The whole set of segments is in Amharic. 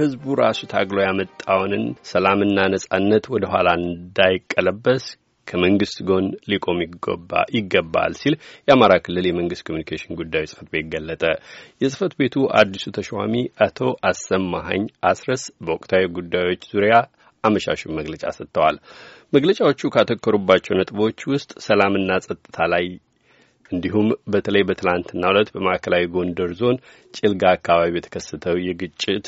ህዝቡ ራሱ ታግሎ ያመጣውንን ሰላምና ነጻነት ወደ ኋላ እንዳይቀለበስ ከመንግስት ጎን ሊቆም ይገባል ሲል የአማራ ክልል የመንግስት ኮሚኒኬሽን ጉዳዮች ጽህፈት ቤት ገለጠ። የጽህፈት ቤቱ አዲሱ ተሿሚ አቶ አሰማሀኝ አስረስ በወቅታዊ ጉዳዮች ዙሪያ አመሻሹን መግለጫ ሰጥተዋል። መግለጫዎቹ ካተኮሩባቸው ነጥቦች ውስጥ ሰላምና ጸጥታ ላይ እንዲሁም በተለይ በትላንትና ዕለት በማዕከላዊ ጎንደር ዞን ጭልጋ አካባቢ የተከሰተው የግጭት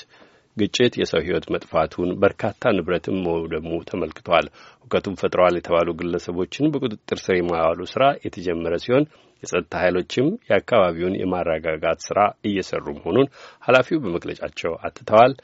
ግጭት የሰው ህይወት መጥፋቱን በርካታ ንብረትም መውደሙ ተመልክቷል። ሁከቱን ፈጥረዋል የተባሉ ግለሰቦችን በቁጥጥር ስር የማዋሉ ስራ የተጀመረ ሲሆን የጸጥታ ኃይሎችም የአካባቢውን የማረጋጋት ስራ እየሰሩ መሆኑን ኃላፊው በመግለጫቸው አትተዋል።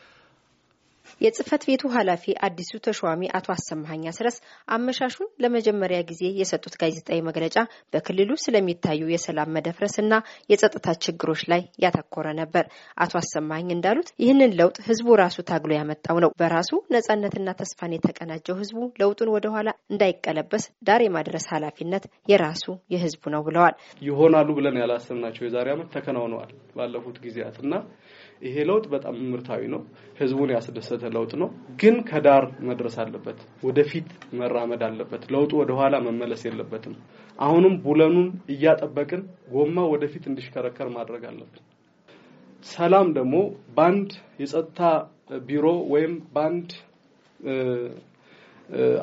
የጽህፈት ቤቱ ኃላፊ አዲሱ ተሿሚ አቶ አሰማሀኝ አስረስ አመሻሹን ለመጀመሪያ ጊዜ የሰጡት ጋዜጣዊ መግለጫ በክልሉ ስለሚታዩ የሰላም መደፍረስ እና የጸጥታ ችግሮች ላይ ያተኮረ ነበር። አቶ አሰማሀኝ እንዳሉት ይህንን ለውጥ ህዝቡ ራሱ ታግሎ ያመጣው ነው። በራሱ ነጻነትና ተስፋን የተቀናጀው ህዝቡ ለውጡን ወደኋላ እንዳይቀለበስ ዳር የማድረስ ኃላፊነት የራሱ የህዝቡ ነው ብለዋል። ይሆናሉ ብለን ያላሰብናቸው የዛሬ ዓመት ተከናውነዋል ባለፉት ጊዜያት እና ይሄ ለውጥ በጣም ምርታዊ ነው፣ ህዝቡን ያስደሰተ ለውጥ ነው። ግን ከዳር መድረስ አለበት፣ ወደፊት መራመድ አለበት። ለውጡ ወደኋላ መመለስ የለበትም። አሁንም ቡለኑን እያጠበቅን ጎማ ወደፊት እንዲሽከረከር ማድረግ አለብን። ሰላም ደግሞ በአንድ የጸጥታ ቢሮ ወይም በአንድ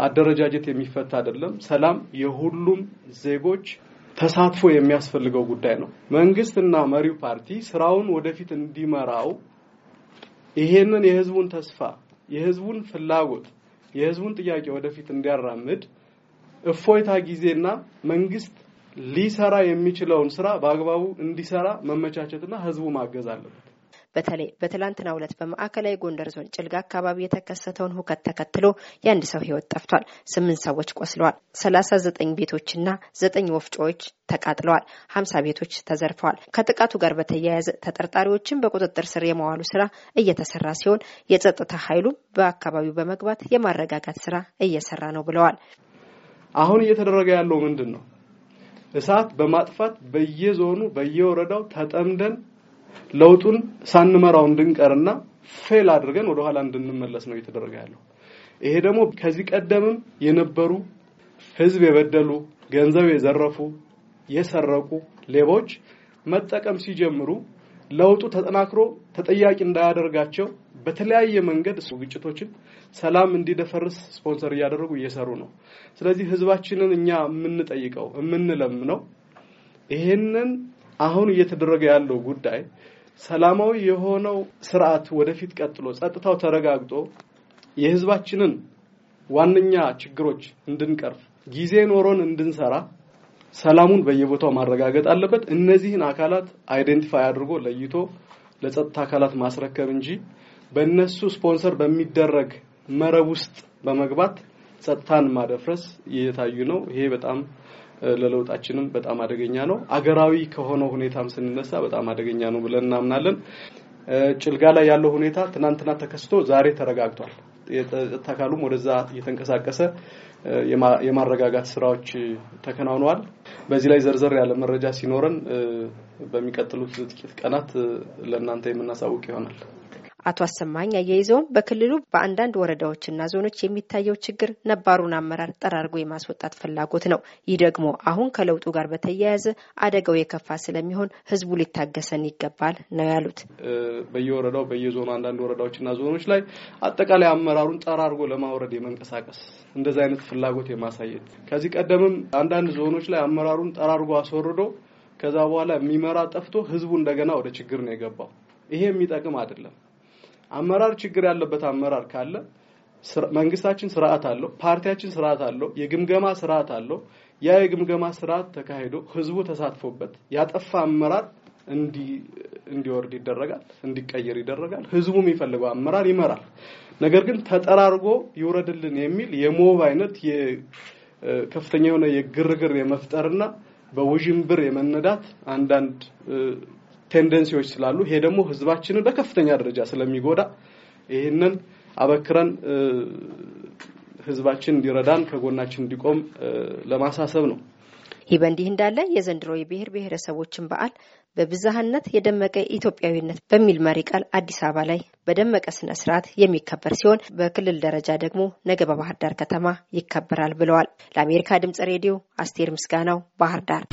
አደረጃጀት የሚፈታ አይደለም። ሰላም የሁሉም ዜጎች ተሳትፎ የሚያስፈልገው ጉዳይ ነው። መንግስትና መሪው ፓርቲ ስራውን ወደፊት እንዲመራው ይሄንን የህዝቡን ተስፋ፣ የህዝቡን ፍላጎት፣ የህዝቡን ጥያቄ ወደፊት እንዲያራምድ እፎይታ ጊዜና መንግስት ሊሰራ የሚችለውን ስራ በአግባቡ እንዲሰራ መመቻቸትና ህዝቡ ማገዝ አለበት። በተለይ በትላንትናው ዕለት በማዕከላዊ ጎንደር ዞን ጭልጋ አካባቢ የተከሰተውን ሁከት ተከትሎ የአንድ ሰው ህይወት ጠፍቷል። ስምንት ሰዎች ቆስለዋል። ሰላሳ ዘጠኝ ቤቶችና ዘጠኝ ወፍጮዎች ተቃጥለዋል። ሀምሳ ቤቶች ተዘርፈዋል። ከጥቃቱ ጋር በተያያዘ ተጠርጣሪዎችን በቁጥጥር ስር የመዋሉ ስራ እየተሰራ ሲሆን የጸጥታ ኃይሉ በአካባቢው በመግባት የማረጋጋት ስራ እየሰራ ነው ብለዋል። አሁን እየተደረገ ያለው ምንድን ነው? እሳት በማጥፋት በየዞኑ በየወረዳው ተጠምደን ለውጡን ሳንመራው እንድንቀርና ፌል አድርገን ወደኋላ እንድንመለስ ነው እየተደረገ ያለው። ይሄ ደግሞ ከዚህ ቀደምም የነበሩ ህዝብ የበደሉ ገንዘብ የዘረፉ የሰረቁ ሌቦች መጠቀም ሲጀምሩ ለውጡ ተጠናክሮ ተጠያቂ እንዳያደርጋቸው በተለያየ መንገድ ግጭቶችን ሰላም እንዲደፈርስ ስፖንሰር እያደረጉ እየሰሩ ነው። ስለዚህ ህዝባችንን እኛ የምንጠይቀው የምንለምነው ይህንን አሁን እየተደረገ ያለው ጉዳይ ሰላማዊ የሆነው ስርዓት ወደፊት ቀጥሎ ጸጥታው ተረጋግጦ የህዝባችንን ዋነኛ ችግሮች እንድንቀርፍ ጊዜ ኖሮን እንድንሰራ ሰላሙን በየቦታው ማረጋገጥ አለበት። እነዚህን አካላት አይደንቲፋይ አድርጎ ለይቶ ለጸጥታ አካላት ማስረከብ እንጂ በእነሱ ስፖንሰር በሚደረግ መረብ ውስጥ በመግባት ጸጥታን ማደፍረስ እየታዩ ነው። ይሄ በጣም ለለውጣችንም በጣም አደገኛ ነው። አገራዊ ከሆነው ሁኔታም ስንነሳ በጣም አደገኛ ነው ብለን እናምናለን። ጭልጋ ላይ ያለው ሁኔታ ትናንትና ተከስቶ ዛሬ ተረጋግቷል። የጸጥታ አካሉም ወደዛ እየተንቀሳቀሰ የማረጋጋት ስራዎች ተከናውነዋል። በዚህ ላይ ዘርዘር ያለ መረጃ ሲኖረን በሚቀጥሉት ጥቂት ቀናት ለእናንተ የምናሳውቅ ይሆናል። አቶ አሰማኝ አያይዘውም በክልሉ በአንዳንድ ወረዳዎችና ዞኖች የሚታየው ችግር ነባሩን አመራር ጠራርጎ የማስወጣት ፍላጎት ነው። ይህ ደግሞ አሁን ከለውጡ ጋር በተያያዘ አደጋው የከፋ ስለሚሆን ህዝቡ ሊታገሰን ይገባል ነው ያሉት። በየወረዳው በየዞኑ አንዳንድ ወረዳዎችና ዞኖች ላይ አጠቃላይ አመራሩን ጠራርጎ ለማውረድ የመንቀሳቀስ እንደዚ አይነት ፍላጎት የማሳየት ከዚህ ቀደምም አንዳንድ ዞኖች ላይ አመራሩን ጠራርጎ አስወርዶ ከዛ በኋላ የሚመራ ጠፍቶ ህዝቡ እንደገና ወደ ችግር ነው የገባው። ይሄ የሚጠቅም አይደለም። አመራር ችግር ያለበት አመራር ካለ መንግስታችን ስርዓት አለው፣ ፓርቲያችን ስርዓት አለው፣ የግምገማ ስርዓት አለው። ያ የግምገማ ስርዓት ተካሂዶ ህዝቡ ተሳትፎበት ያጠፋ አመራር እንዲወርድ ይደረጋል፣ እንዲቀየር ይደረጋል። ህዝቡ የሚፈልገው አመራር ይመራል። ነገር ግን ተጠራርጎ ይውረድልን የሚል የሞብ አይነት ከፍተኛ የሆነ የግርግር የመፍጠርና በውዥንብር የመነዳት አንዳንድ ቴንደንሲዎች ስላሉ ይሄ ደግሞ ህዝባችንን በከፍተኛ ደረጃ ስለሚጎዳ ይህንን አበክረን ህዝባችን እንዲረዳን ከጎናችን እንዲቆም ለማሳሰብ ነው። ይህ በእንዲህ እንዳለ የዘንድሮ የብሔር ብሔረሰቦችን በዓል በብዝሃነት የደመቀ ኢትዮጵያዊነት በሚል መሪ ቃል አዲስ አበባ ላይ በደመቀ ስነ ስርዓት የሚከበር ሲሆን በክልል ደረጃ ደግሞ ነገ በባህር ዳር ከተማ ይከበራል ብለዋል። ለአሜሪካ ድምጽ ሬዲዮ አስቴር ምስጋናው ባህር ዳር